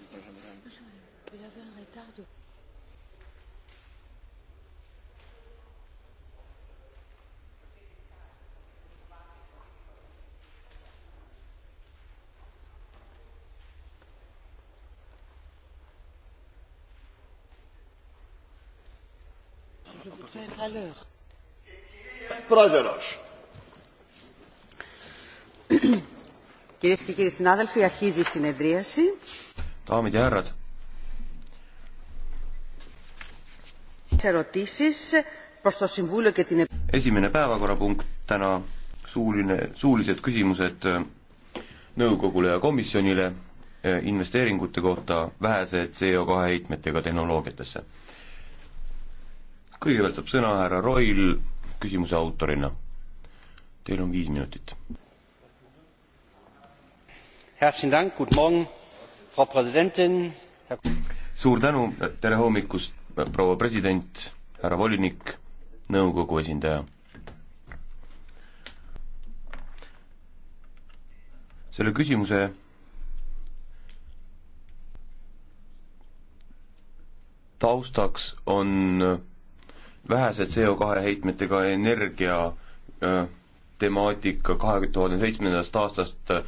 Vous avez un retard de je voudrais être à l'heure. Πρόεδρος. Κυρίες και κύριοι συνάδελφοι, αρχίζει η συνεδρίαση daamid ja härrad. esimene päevakorrapunkt täna, suuline, suulised küsimused äh, nõukogule ja komisjonile äh, investeeringute kohta vähese CO2 heitmetega tehnoloogiatesse. kõigepealt saab sõna härra Roil küsimuse autorina. Teil on viis minutit suur tänu, tere hommikust, proua president, härra volinik, nõukogu esindaja. selle küsimuse taustaks on vähese CO2 heitmetega energia äh, temaatika kahe tuhande seitsmendast aastast äh,